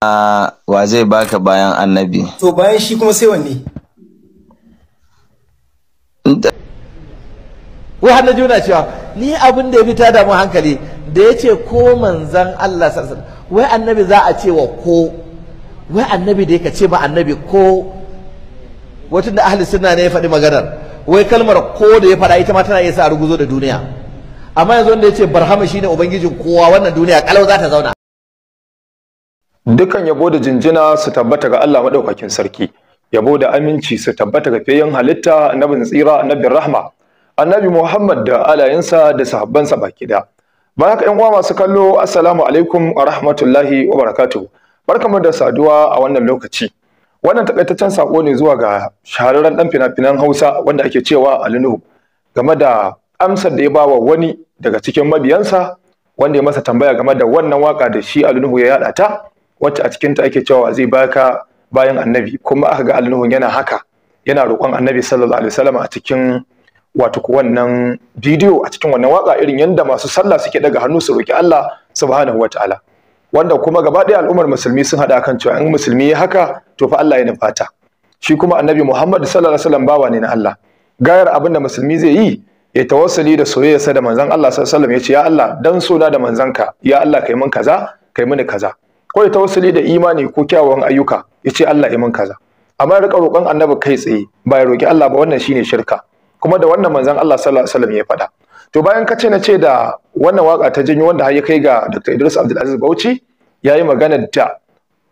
wa zai baka bayan annabi to bayan shi kuma sai wanne wai har juna cewa ni abin da ya fi tada mu hankali da ya ce ko manzan Allah sallallahu wai annabi za a ce wa ko wai annabi da yake ce ba annabi ko wata da ahli sunna ne ya faɗi maganar wai kalmar ko da ya faɗa ita ma tana iya sa ruguzo da duniya amma yanzu wanda ya ce barhama shine ubangijin kowa wannan duniya kalau za ta zauna dukan yabo da jinjina su tabbata ga Allah maɗaukakin sarki yabo da aminci su tabbata ga fiyayyen halitta na bin tsira annabin rahma annabi Muhammad da alayensa da sahabbansa baki da haka ka uwa masu kallo assalamu alaikum wa rahmatullahi wa barakatuh barkamu da saduwa a wannan lokaci wannan takaitaccen sako ne zuwa ga shahararren dan fina-finan Hausa wanda ake cewa alinu game da amsar da ya bawa wani daga cikin mabiyansa wanda ya masa tambaya game da wannan waka da shi Nuhu ya yada ta wacce a cikin ta ake cewa zai baka bayan annabi kuma aka ga alnuhun yana haka yana roƙon annabi sallallahu alaihi wasallam a cikin wato wannan bidiyo a cikin wannan waka irin yanda masu sallah suke daga hannu su roki Allah subhanahu wataala wanda kuma gaba ɗaya al'ummar musulmi sun haɗa kan cewa in musulmi ya haka to fa Allah ya nufata shi kuma annabi Muhammad sallallahu alaihi wasallam bawa ne na Allah gayar abin da musulmi zai yi ya tawassali da soyayyarsa da manzon Allah sallallahu alaihi wasallam ya ce ya Allah dan sona da ka. ya Allah kai mun kaza kai mini kaza ko ya tawassuli da imani ko kyawawan ayyuka ya ce Allah ya min kaza amma ya rika roƙon annabi kai tsaye ba ya roƙi Allah ba wannan shine shirka kuma da wannan manzan Allah sallallahu alaihi wasallam ya faɗa to bayan ka ce na ce da wannan waka ta janyo wanda har ya kai ga Dr. Idris Abdulaziz Bauchi yayi magana da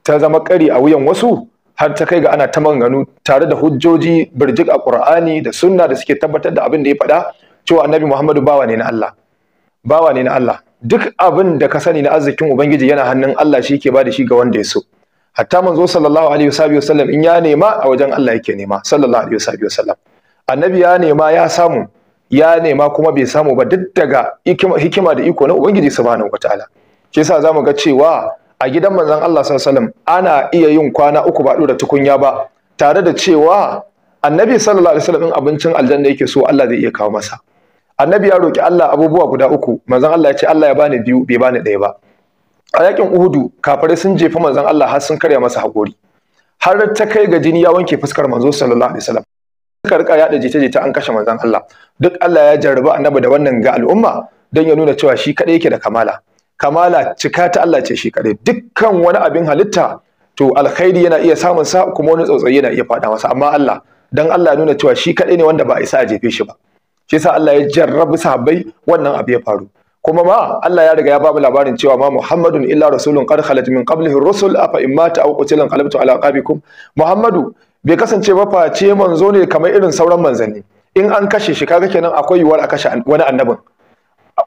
ta zama kari a wuyan wasu har ta kai ga ana ta maganganu tare da hujjoji birjik a Qur'ani da sunna da suke tabbatar da abin da ya faɗa cewa Annabi Muhammadu bawa ne na Allah bawa ne na Allah duk abin da ka sani na arzikin ubangiji yana hannun Allah shi ke bada shi ga wanda ya so hatta manzo sallallahu alaihi wasallam in ya nema a wajen Allah yake nema sallallahu alaihi wasallam annabi ya nema ya samu ya nema kuma bai samu ba duk daga hikima da iko na ubangiji subhanahu wataala shi yasa zamu ga cewa a gidan manzon Allah sallallahu alaihi wasallam ana iya yin kwana uku ba da tukunya ba tare da cewa annabi sallallahu alaihi wasallam abincin aljanna yake so Allah zai iya kawo masa annabi ya roki Allah abubuwa guda uku manzon Allah ya ce Allah ya bani biyu bai bani ɗaya ba a yakin Uhudu kafare sun jefa manzon Allah har sun karya masa hakori har ta kai ga jini ya wanke fuskar manzo sallallahu alaihi wasallam suka rika yada jita-jita an kashe manzon Allah duk Allah ya jarraba annabi da wannan ga al'umma don ya nuna cewa shi kadai yake da kamala kamala cika ta Allah ce shi kadai dukkan wani abin halitta to alkhairi yana iya samun sa kuma wani tsautsayi yana iya faɗa masa amma Allah dan Allah ya nuna cewa shi kadai ne wanda ba a isa a jefe shi ba shi yasa Allah ya jarrabi sahabbai wannan abu ya faru kuma ma Allah ya riga ya ba mu labarin cewa ma Muhammadun illa rasulun qad khalat min qablihi rusul afa in mata aw qutila qalbtu ala aqabikum Muhammadu bai kasance ba face manzo ne kamar irin sauran manzanni in an kashe shi kaga kenan akwai yiwuwar a kashe wani annabin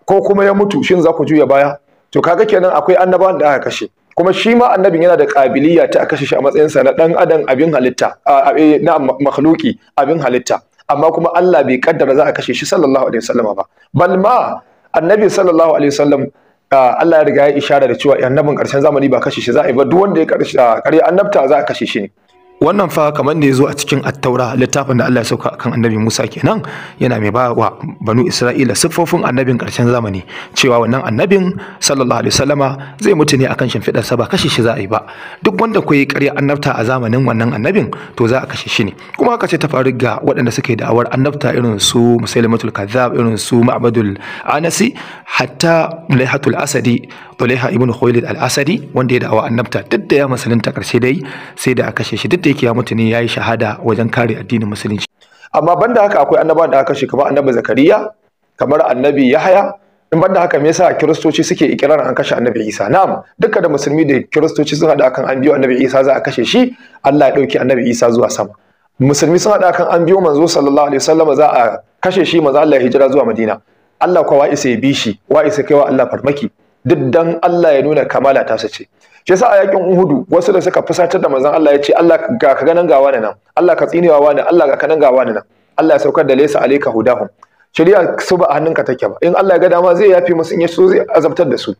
ko kuma ya mutu shin za ku juya baya to kaga kenan akwai annabawan da aka kashe kuma shi ma annabin yana da kabiliya ta kashe shi a matsayinsa na dan adam abin halitta eh, na makhluki abin halitta amma kuma Allah bai kaddara za a kashe shi sallallahu alaihi wasallam ba bal ma annabi sallallahu alaihi wasallam Allah ya riga ya ishara da cewa annabin ƙarshen zamani ba kashe shi za a yi ba duk wanda ya karya annabta za a kashe shi ne wannan fa kamar da ya zo a cikin attaura littafin da Allah ya sauka akan annabi Musa kenan yana mai ba wa banu Isra'ila siffofin annabin karshen zamani cewa wannan annabin sallallahu alaihi wasallama zai mutu ne akan shimfiɗar sa ba kashe shi za a yi ba duk wanda yi ƙarya annabta a zamanin wannan annabin to za a kashe shi ne kuma haka ce ta faru ga waɗanda suka yi da'awar annabta irin su Musailamatul Kazzab irin su Ma'badul Anasi hatta Mulaihatul Asadi ulaiha ibn Khuwailid al-Asadi wanda ya da'awa annabta duk da ya musulunta ƙarshe dai sai da a kashe shi duk sheki ya mutu ne yi shahada wajen kare addinin musulunci amma banda haka akwai annabawan da aka shi kamar annabi zakariya kamar annabi yahaya in banda haka me yasa kiristoci suke ikirarin an kashe annabi isa na'am duka da musulmi da kiristoci sun hada kan an biyo annabi isa za a kashe shi Allah ya dauki annabi isa zuwa sama musulmi sun hada kan an biyo manzo sallallahu alaihi wasallam za a kashe shi manzo Allah ya hijira zuwa madina Allah kuwa wa isa ya bi shi wa isa kaiwa Allah farmaki duk dan Allah ya nuna kamala ta ce shi yasa a yakin Uhudu wasu da suka fusatar da manzon Allah ya ce Allah ga ka ganan gawa ne nan Allah ka tsinewa wani Allah ga kanan gawa ne nan Allah ya saukar da laysa alayka hudahum shari'a su ba a hannunka take ba in Allah ya ga dama zai yafi musu in ya so zai azabtar da su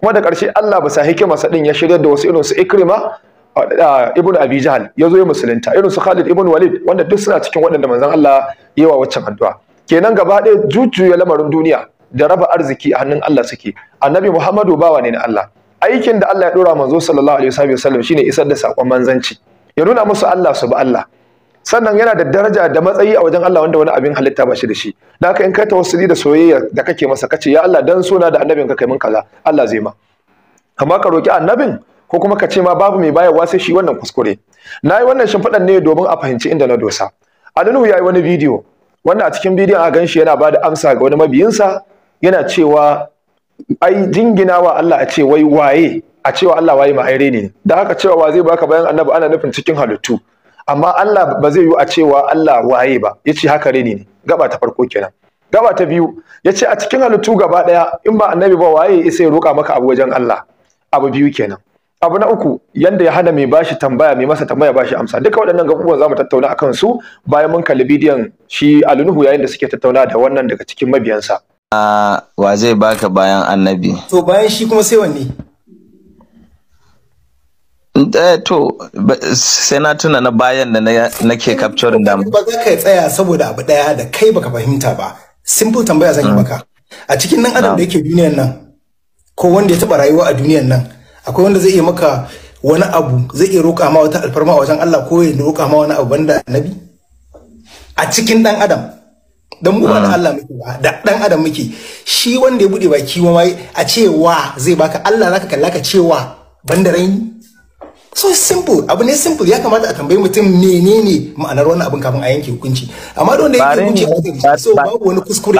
kuma da ƙarshe Allah ba sa sa din ya shirya da wasu irin su Ikrima ibn Abi Jahl ya zo ya musulunta irin su Khalid ibn Walid wanda duk suna cikin waɗanda manzon Allah yawa waccan addu'a kenan gaba ɗaya jujuya lamarin duniya da raba arziki a hannun Allah suke annabi Muhammadu bawa ne na Allah aikin da Allah ya dora manzo sallallahu alaihi wasallam shine isar da sakon manzanci ya nuna musu Allah su ba Allah sannan yana da daraja da matsayi a wajen Allah wanda wani abin halitta ba shi da shi da haka in kai tawassuli da soyayya da kake masa kace ya Allah dan sona da annabinka kai mun kaza Allah zai ma Kama ka roki annabin ko kuma ka ce ma babu mai bayarwa sai shi wannan kuskure na yi wannan shimfiɗan ne domin a fahimci inda na dosa Nuhu ya yi wani bidiyo wanda a cikin bidiyon a shi yana ba da amsa ga wani mabiyinsa yana cewa ai wa Allah a ce wai waye a cewa Allah waye ma aire ne da haka cewa wa zai baka bayan annabi ana nufin cikin halittu amma Allah ba zai yi a cewa Allah waye ba yace haka reni ne gaba ta farko kenan gaba ta biyu yace a cikin halittu gaba daya in ba annabi ba waye sai ya roka maka abu wajen Allah abu biyu kenan abu na uku yanda ya hana mai bashi tambaya mai masa tambaya bashi amsa duka waɗannan gabubuwan mu tattauna akan su bayan mun kalli bidiyon shi Alunuhu yayin da suke tattauna da wannan daga cikin mabiyansa wa zai baka bayan annabi to bayan shi kuma sai wanne eh, to sai na tuna na bayan da nake capturing da ba za ka tsaya saboda abu daya da kai baka fahimta ba simple tambaya zan yi mm. maka a cikin nan adam da yake duniyar nan ko wanda ya taba rayuwa a duniyar nan akwai wanda zai iya maka wani abu zai iya roƙa ma wata alfarma a wajen Allah ko ya roƙa ma wani abu banda annabi a cikin dan adam dan mu ba da ah. Allah muke ba da dan adam muke shi wanda ya bude baki ma a cewa zai baka Allah zaka kalla ka cewa banda raini so simple abu ne simple ya kamata a tambayi mutum menene ma'anar wannan abin kafin a yanke hukunci amma da yake hukunci a so babu wani kuskure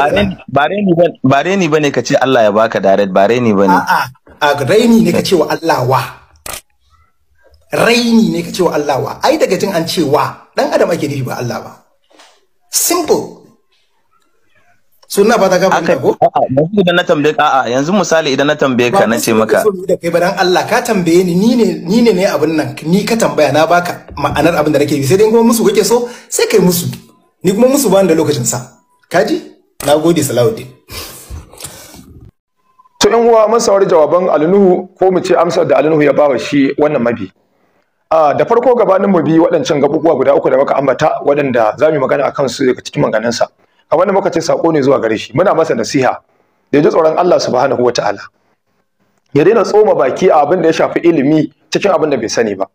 ba ni bane ka ce Allah ya baka direct ba ni bane a'a a raini ne ka ce wa Allah wa raini ne ka ce wa Allah wa ai daga jin an cewa dan adam ake nufi ba Allah ba simple suna ba ta gaba ko yanzu idan na tambaye ka a'a yanzu misali idan na tambaye ka na ce maka ba da kai ba dan Allah ka tambaye ni ni ne ni ne ne abin nan ni ka tambaya na baka ma'anar abin da nake bi sai dai kuma musu kake so sai kai musu ni kuma musu ba da lokacin sa kaji nagode salawuddin to in uwa mun saurari jawaban alnuhu ko mu ce amsar da alnuhu ya bawa shi wannan mabi da farko gabanin mu bi waɗancan gabubuwa guda uku da muka ambata waɗanda za mu magana akan su daga cikin maganansa sa a wannan muka ce sako ne zuwa gare shi muna masa nasiha da ji tsoron Allah subhanahu wataala ya daina tsoma baki a abin da ya shafi ilimi cikin abin da bai sani ba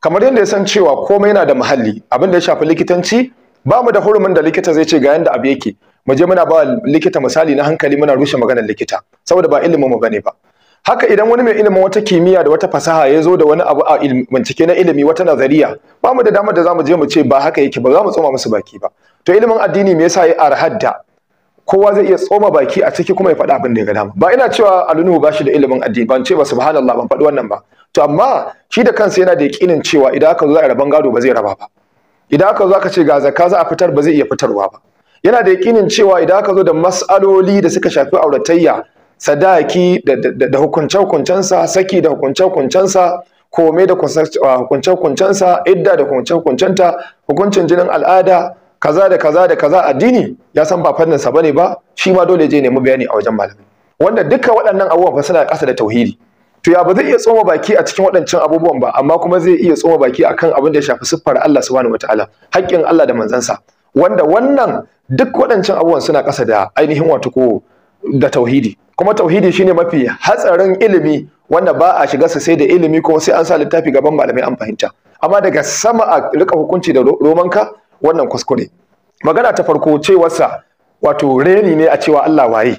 kamar yadda ya san cewa komai yana da muhalli abin da ya shafi likitanci ba mu da hurumin da likita zai ce ga yanda abu yake mu je muna ba likita misali na hankali muna rushe maganar likita saboda ba ilimin mu bane ba haka idan wani mai ilimin wata kimiyya da wata fasaha ya zo da wani abu a bincike na ilimi wata nazariya ba mu da damar da za mu je mu ce ba haka yake ba za mu tsoma musu baki ba to ilimin addini me yasa ya arhadda kowa zai iya tsoma baki a ciki kuma ya faɗa abin da ya ga dama ba ina cewa alunu ba shi da ilimin addini ban ce ba subhanallah ban faɗi wannan ba to amma shi da kansa yana da yakinin cewa idan aka zo za a raban gado ba zai raba ba idan aka zo aka ce ga zakka za a fitar ba zai iya fitarwa ba yana da yakinin cewa idan aka zo da mas'aloli da suka shafi auratayya sadaki da hukunce-hukuncensa saki da hukunce-hukuncensa kome da hukunce-hukuncensa idda da hukunce-hukuncenta hukuncin jinin al'ada kaza da kaza da kaza addini ya san ba fannin sa bane ba shi ma dole je nemi bayani a wajen malami wanda dukkan waɗannan abubuwan fa suna ƙasa da tauhidi to ya ba zai iya tsoma baki a cikin waɗancan abubuwan ba amma kuma zai iya tsoma baki akan abin da ya shafi siffar Allah subhanahu wataala haƙƙin Allah da manzansa wanda wannan duk waɗancan abubuwan suna ƙasa da ainihin wato ko da tauhidi kuma tauhidi shine mafi hatsarin ilimi wanda ba a shiga sai da ilimi ko sai an sa littafi gaban malamai an fahimta amma daga sama a rika hukunci da romanka wannan kuskure magana ta farko cewarsa wato reni ne a cewa Allah waye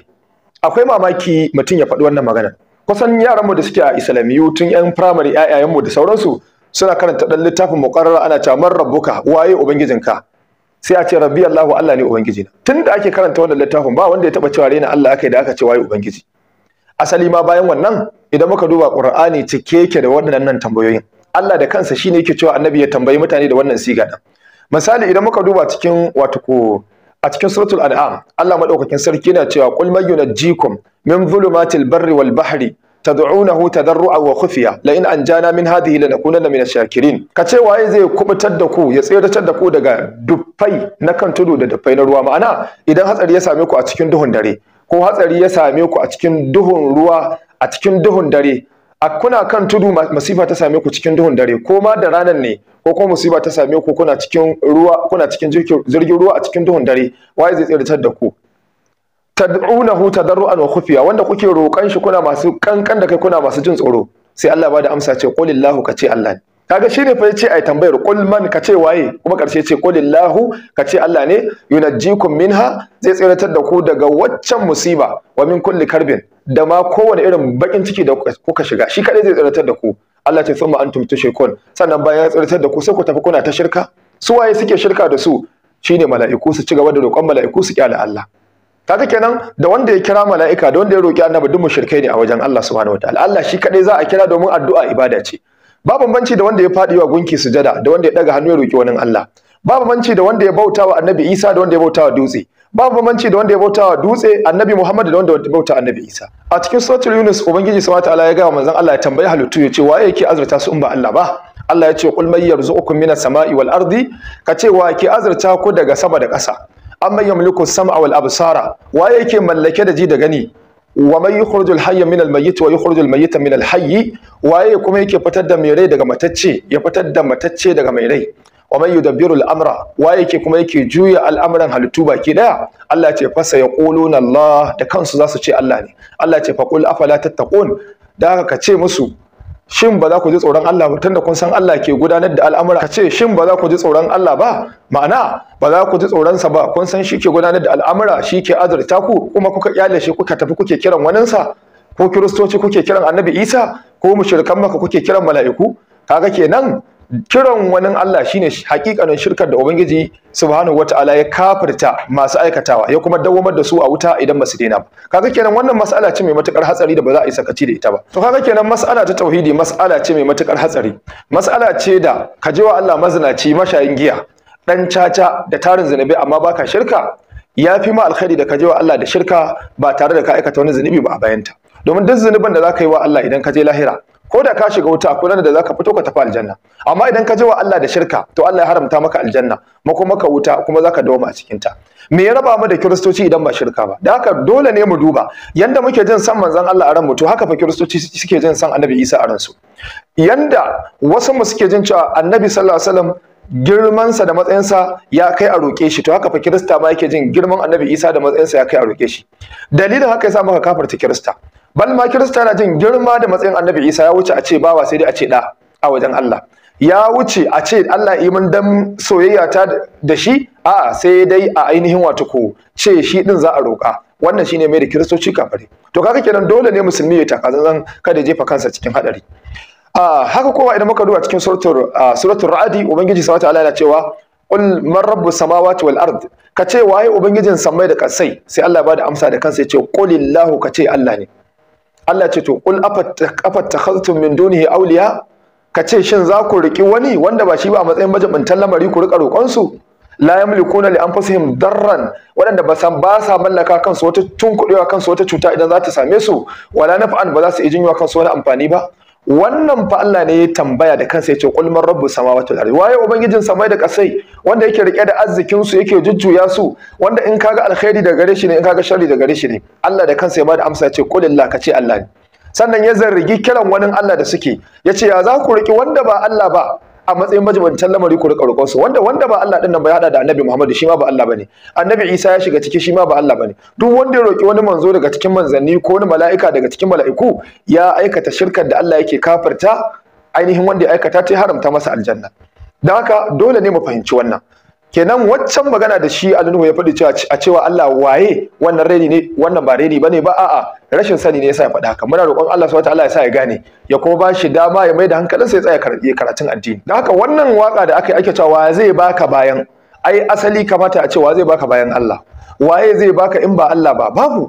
akwai mamaki mutum ya faɗi wannan magana kusan yaranmu da suke a islamiyu tun yan firamare yayayenmu da sauransu suna karanta ɗan littafin muqarrar ana cewa man rabbuka waye ubangijinka sai a ce rabbi Allahu Allah ne ubangijina tunda ake karanta wannan littafin ba wanda ya taba cewa rena Allah aka yi da aka ce waye ubangiji asali ma bayan wannan idan muka duba Qur'ani cike yake da waɗannan tambayoyin Allah da kansa shine yake cewa annabi ya tambayi mutane da wannan siga misali idan muka duba cikin wato ko a cikin suratul an'am Allah madaukakin sarki yana cewa qul may yunajjikum min dhulumatil barri wal bahri tad'unahu tadarru'an wa khufiya la in anjana min hadhihi lanakunanna minash shakirin kace waye zai kubutar da ku ya tsayar da ku daga duffai na kan tudu da duffai na ruwa ma'ana idan hatsari ya same ku a cikin duhun dare ko hatsari ya same ku a cikin duhun ruwa a cikin duhun dare a kuna kan tudu masifa ta same ku cikin duhun dare ko ma da ranar ne ko kuma musiba ta same ku kuna cikin ruwa kuna cikin jirgin ruwa a cikin duhun dare waye zai tsirtar da ku tad'unahu tadarruan wa khufiya wanda kuke roƙan shi kuna masu kankan da kai kuna masu jin tsoro sai Allah ba da amsa ce qulillahu ka ce Allah kaga shine fa yace ai tambayar qul man ka ce waye kuma karshe ce qulillahu ka ce Allah ne yunajjikum minha zai tsirtar da ku daga waccan musiba wa min kulli karbin da ma kowane irin bakin ciki da kuka shiga shi kadai zai tsirtar da ku Allah ce summa antum tushrikun sannan bayan ya tsirtar da ku sai ku tafi kuna ta shirka su waye suke shirka da su shine mala'iku su ci gaba da roƙon mala'iku su kyale Allah kaga kenan da wanda ya kira mala'ika da wanda ya roƙi annabi duk mushrikai ne a wajen Allah subhanahu wataala Allah shi kadai za a kira domin addu'a ibada ce ba bambanci da wanda ya fadi wa gunki sujada da wanda ya daga hannu ya roƙi wani Allah ba bambanci da wanda ya bautawa annabi Isa da wanda ya bautawa dutse babu bambanci da wanda ya bauta wa dutse annabi Muhammad da wanda ya bauta annabi Isa a cikin suratul Yunus ubangiji subhanahu ta'ala ya ga manzon Allah ya tambayi halittu ya ce waye yake azurta su in ba Allah ba Allah ya ce qul may yarzuqukum minas sama'i wal ardi ka ce wa yake azurta ko daga sama da ƙasa amma yamliku sam'a wal absara waye yake mallake da ji da gani wa yi yukhrijul hayya minal mayyit wa yukhrijul mayyita minal hayy waye kuma yake fitar da mai rai daga matacce ya fitar da matacce daga mai rai wa man yudabbiru al-amra wa yake kuma yake juya al'amuran halittu baki daya Allah ce fa sayaquluna Allah da kansu zasu ce Allah ne Allah ce fa qul afala tattaqun da haka ka ce musu shin ba za ku ji tsoron Allah ba tunda kun san Allah ke gudanar da al'amura ka ce shin ba za ku ji tsoron Allah ba ma'ana ba za ku ji tsoron sa ba kun san shi ke gudanar da al'amura shi ke azurta ku kuma kuka kyale shi kuka tafi kuke kiran waninsa ko kiristoci kuke kiran annabi isa ko mushrikan maka kuke kiran mala'iku kaga kenan kiran wani Allah shine hakikanin shirkar da ubangiji subhanahu ta'ala ya kafirta masu aikatawa ya kuma dawwamar da su a wuta idan ba su daina ba kaga kenan wannan mas'ala ce mai matukar hatsari da ba za a yi sakaci da ita ba to kaga kenan mas'ala ta tauhidi mas'ala ce mai matukar hatsari mas'ala ce da kajewa Allah mazinaci mashayin giya dan caca da tarin zinabi amma baka shirka ya fi ma alkhairi da kajewa Allah da shirka ba tare da ka aikata wani zinubi ba a bayanta domin duk zunubin da za ka yi wa Allah idan ka je lahira ko da ka shiga wuta akwai nan da zaka fito ka tafi aljanna amma idan ka je wa Allah da shirka to Allah ya haramta maka aljanna mako maka wuta kuma zaka dawoma a cikin ta me ya raba mu da kiristoci idan ba shirka ba da haka dole ne mu duba yanda muke jin san manzon Allah a ran mu to haka fa kiristoci suke jin san Annabi Isa a ransu yanda wasu mu suke jin cewa Annabi sallallahu alaihi wasallam girmansa da matsayinsa ya kai a roƙe shi to haka fa kirista ma yake jin girman annabi isa da matsayinsa ya kai a roƙe shi dalilin haka yasa muka kafarta kirista bal kirista na jin girma da matsayin annabi isa ya wuce a ce bawa sai dai a ce da a wajen Allah ya wuce a ce Allah yi min dan soyayya ta da shi a sai dai a ainihin wato ko ce shi din za a roƙa wannan shine mai da kiristoci kafare to kaga kenan dole ne musulmi ya takazan kada ya jefa kansa cikin hadari a haka kowa idan muka duba cikin suratul suratul ra'adi ubangiji subhanahu ta'ala yana cewa qul man rabbu samawati wal ard kace waye ubangijin samai da kasai sai Allah ya bada amsa da kansa ya ce qulillahu ce Allah ne Allah ce to qul afattakhaztum min dunihi awliya ce shin za ku riki wani wanda ba shi ba a matsayin majibintan lamari ku rika roƙon su la yamlikuna li anfusihim darran wadanda ba san ba sa mallaka kansu wata tunkudewa kansu wata cuta idan za ta same su wala naf'an ba za su ijinwa kansu wani amfani ba wannan fa Allah ne ya tambaya da kansa ya ce qul man rabbus samawati wal ardi waye ubangijin samai da kasai wanda yake rike da arzikin su yake jujjuya su wanda in kaga alkhairi da gare shi ne in kaga sharri da gare shi ne Allah da kansa ya bada amsa ya ce, qul lillahi kace Allah ne sannan ya zargi kiran wani Allah da suke yace ya za ku riki wanda ba Allah ba a matsayin majibancin lamari ku rika roƙon su wanda wanda ba Allah dinnan ba ya hada da Annabi Muhammad shi ma ba Allah bane Annabi Isa ya shiga ciki shi ma ba Allah bane duk wanda ya roƙi wani manzo daga cikin manzanni ko wani mala'ika daga cikin mala'iku ya aikata shirkar da Allah yake kafirta ainihin wanda ya aikata ta haramta masa aljanna dan haka dole ne mu fahimci wannan kenan waccan magana da shi annabi ya faɗi cewa a cewa Allah waye wannan reni ne wannan ba reni bane ba a'a rashin sani ne yasa ya faɗa haka muna roƙon Allah subhanahu wataala ya sa ya gane ya kuma ba shi dama ya mai da hankalinsa ya tsaya karatun addini dan haka wannan waka da aka ake cewa zai baka bayan ai asali kamata a cewa zai baka bayan Allah waye zai baka in ba Allah ba babu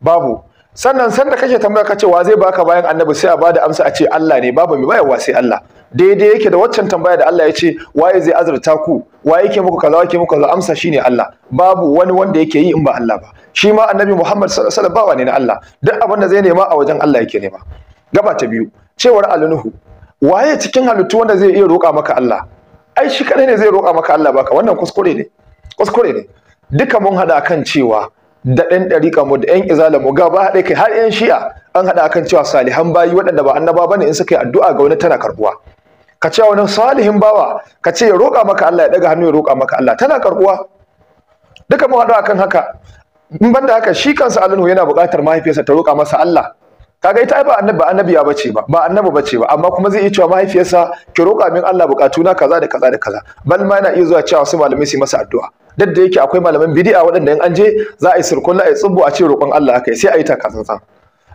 babu sannan sanda kake tambaya kace cewa zai baka bayan annabi sai a bada amsa a ce Allah ne babu mai bayarwa sai Allah daidai yake da waccan tambaya da Allah ya ce waye zai azurta ku waye yake muku kaza yake muku kaza amsa shine Allah babu wani wanda yake yi in ba Allah ba shi ma annabi Muhammad sallallahu alaihi wasallam ne na Allah duk abin da zai nema a wajen Allah yake nema gaba ta biyu cewar Nuhu, waye cikin halittu wanda zai iya roƙa maka Allah ai shi kadai ne zai roƙa maka Allah baka wannan kuskure ne kuskure ne duka mun hada kan cewa da ɗan ɗariƙa mu da ‘yan izala mu ba haɗe kai har ‘yan shi'a an haɗa kan cewa salihan bayi waɗanda ba annaba bane in suka yi addu'a ga wani tana karbuwa ka ce wani salihin bawa ka ce ya roƙa maka Allah ya daga hannu ya roƙa maka Allah tana karɓuwa. duka mu haɗu akan haka in banda haka shi kansa Allahu yana buƙatar mahaifiyarsa ta roƙa masa Allah kaga ita ai ba annabi ba ce bace ba ba annabi bace ba amma kuma zai iya cewa mahaifiyarsa ki roƙa min Allah na kaza da kaza da kaza bal ma yana iya zuwa cewa su malamai su masa addu'a duk da yake akwai malaman bid'a waɗanda in an je za a yi sirkunna a yi tsubbo a ce roƙon Allah haka sai a yi ta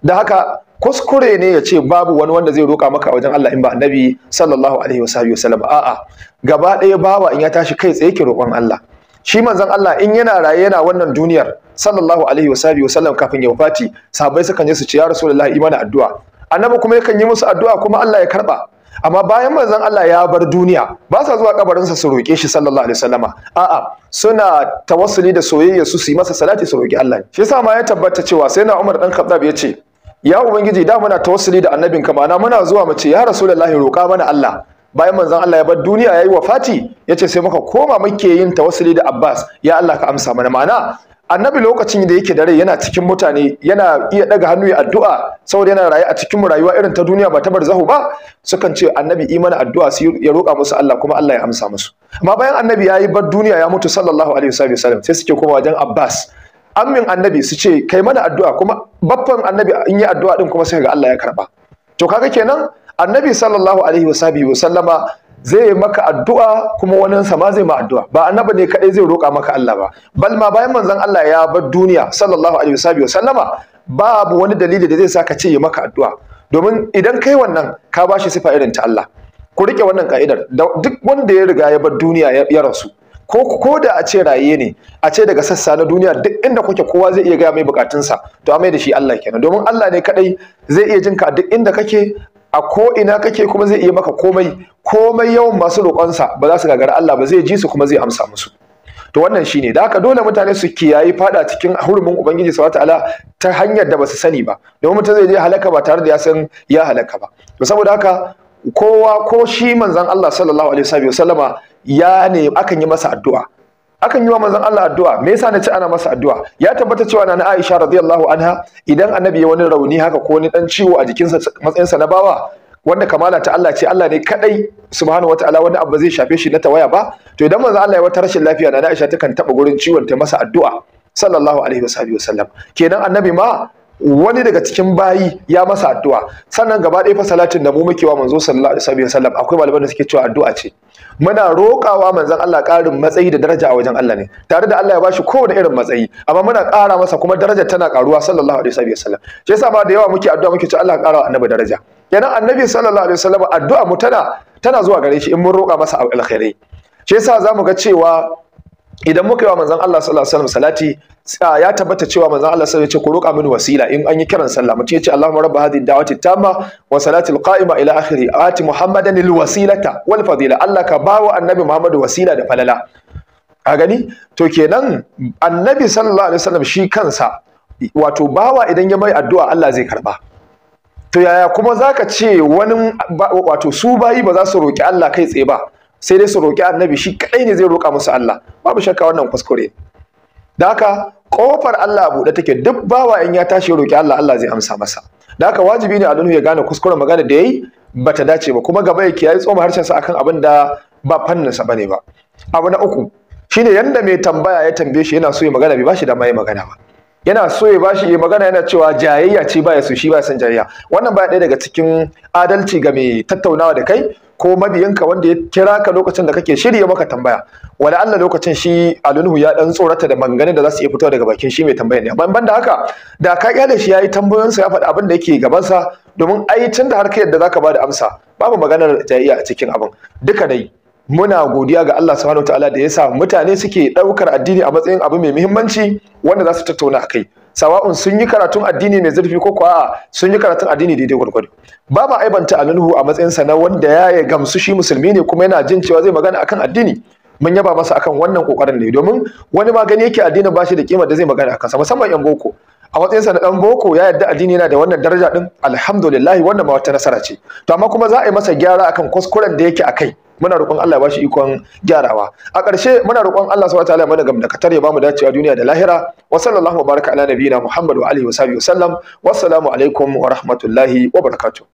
da haka kuskure ne ya ce babu wani wanda zai roƙa maka wajen Allah in ba annabi sallallahu alaihi wa sallam a'a gaba ɗaya bawa in ya tashi kai tsaye ki roƙon Allah shi manzon Allah in yana raye yana wannan duniyar sallallahu alaihi wa sallam kafin ya wafati sahabbai sukan je su ce ya rasulullahi imani addu'a annabi kuma yakan yi musu addu'a kuma Allah ya karba amma bayan manzon Allah ya bar duniya ba sa zuwa sa su roƙe shi sallallahu alaihi wasallama a'a suna tawassuli da soyayya su su yi masa salati su roki Allah shi yasa ma ya tabbata cewa sai na Umar dan Khattab ya ce ya ubangiji da muna tawassuli da annabin ka mana muna zuwa mu ce ya rasulullahi roka mana Allah bayan manzon Allah ya bar duniya yayi wafati yace sai muka koma muke yin tawassuli da Abbas ya Allah ka amsa mana ma'ana annabi lokacin da yake dare yana cikin mutane yana iya daga hannu ya addu'a saboda yana raye a cikin rayuwa irin ta duniya ba ta barzahu ba sukan ce annabi imani addu'a su ya roƙa musu Allah kuma Allah ya amsa musu amma bayan annabi ya yi bar duniya ya mutu sallallahu alaihi wasallam sai suke koma wajen Abbas ammin annabi su ce kai mana addu'a kuma baffan annabi in yi addu'a din kuma sai ga Allah ya karba to kaga kenan annabi sallallahu alaihi wasallama zai maka addu'a kuma wani sama zai ma addu'a ba annabi ne kadai zai roƙa maka Allah ba bal ma bayan manzon Allah ya bar duniya sallallahu alaihi wa sallama babu wani dalili da zai saka ce ya maka addu'a domin idan kai wannan ka bashi sifa irin ta Allah ku rike wannan ka'idar duk wanda ya riga ya bar duniya ya rasu ko ko da a ce raye ne a ce daga sassa na duniya duk inda kuke kowa zai iya gaya mai bukatunsa to amai da shi Allah kenan domin Allah ne kadai zai iya jinka duk inda kake a ko ina kake kuma zai iya maka komai komai yawan masu roƙonsa ba za su gagara Allah ba zai ji su kuma zai amsa musu to wannan shine da haka dole mutane su kiyayi fada cikin hurumin ubangiji subhanahu ta'ala ta hanyar da basu sani ba domin mutum zai je halaka ba tare da ya san ya halaka ba to saboda haka kowa ko shi manzon Allah sallallahu alaihi wasallama ya ne akan yi masa addu'a akan yi wa manzon Allah addu'a me yasa nace ana masa addu'a ya tabbata cewa na Aisha radiyallahu anha idan annabi ya wani rauni haka ko wani dan ciwo a jikinsa matsayinsa na bawa wanda kamala ta Allah ce Allah ne kadai subhanahu wataala wani abu zai shafe shi na tawaya ba to idan manzon Allah ya wata rashin lafiya na Aisha takan taba gurin ciwon ta masa addu'a sallallahu alaihi wasallam kenan annabi ma wani daga cikin bayi ya masa addu'a sannan gaba ɗaya fa salatin da mu muke wa manzo sallallahu alaihi wasallam akwai malaman da suke cewa addu'a ce muna roƙawa manzon Allah ƙarin matsayi da daraja a wajen Allah ne tare da Allah ya bashi kowane irin matsayi amma muna ƙara masa kuma daraja tana ƙaruwa sallallahu alaihi wasallam shi yasa ba da yawa muke addu'a muke cewa Allah ya ƙara annabi daraja kenan annabi sallallahu alaihi wasallam addu'a mu tana tana zuwa gare shi in mun roƙa masa alkhairi shi yasa zamu ga cewa idan muka yi wa manzon Allah sallallahu alaihi wasallam salati ya tabbata cewa manzon Allah sallallahu alaihi wasallam ku roƙa mini wasila in an yi kiran sallah mutum ya ce Allahumma rabb hadhihi da'wati tamma wa salati alqa'ima ila akhiri ati muhammadan alwasilata wal fadila Allah ka bawa annabi Muhammad wasila da falala a gani to kenan annabi sallallahu alaihi wasallam shi kansa wato bawa idan ya mai addu'a Allah zai karba to yaya kuma zaka ce wani wato su bayi ba za su roƙi Allah kai tsaye ba sai dai su roƙi annabi shi kaɗai ne zai roƙa musu Allah babu shakka wannan kuskure da haka ƙofar Allah a buɗe take duk bawa in ya tashi roƙi Allah Allah zai amsa masa da haka wajibi ne a ya gane kuskuren magana da yayi bata dace ba kuma gaba ya kiyaye tsoma sa akan abin da ba fanninsa bane ba abu na uku shine yanda mai tambaya ya tambaye shi yana so ya magana bai bashi da mai magana ba yana so ya bashi ya magana yana cewa jayayya ce baya so shi baya son jayayya wannan baya ɗaya daga cikin adalci ga mai tattaunawa da kai ko mabiyanka wanda ya kira ka lokacin da kake shirya maka tambaya wala Allah lokacin shi alunhu ya dan tsorata da manganin da za su iya fitowa daga bakin shi mai tambayar ne ban banda haka da ka kyale shi yayi tambayonsa ya faɗi abin da yake gaban sa domin ai tunda da har kai yadda zaka bada amsa babu maganar jayiya a cikin abin duka dai muna godiya ga Allah subhanahu wataala da yasa mutane suke daukar addini a matsayin abu mai muhimmanci wanda za su tattauna kai. sawa'un sun yi karatun addini mai zurfi ko kuwa sun yi karatun addini daidai gwargwado babu aibanta alnuhu a matsayinsa na wanda ya yi gamsu shi musulmi ne kuma yana jin cewa zai magana akan addini mun yaba masa akan wannan kokarin ne domin wani magani gani yake addinin bashi da kima da zai magana akan sa musamman yan boko a matsayinsa na dan boko ya yadda addini yana da wannan daraja din alhamdulillah wannan ma wata nasara ce to amma kuma za a yi masa gyara akan kuskuren da yake akai muna roƙon Allah ya bashi ikon gyarawa a ƙarshe muna roƙon Allah subhanahu wataala ya mana gamdakatar ya bamu dacewa duniya da lahira wa sallallahu baraka ala nabiyina Muhammad wa alihi wa sahbihi sallam wassalamu alaikum wa rahmatullahi wa barakatuh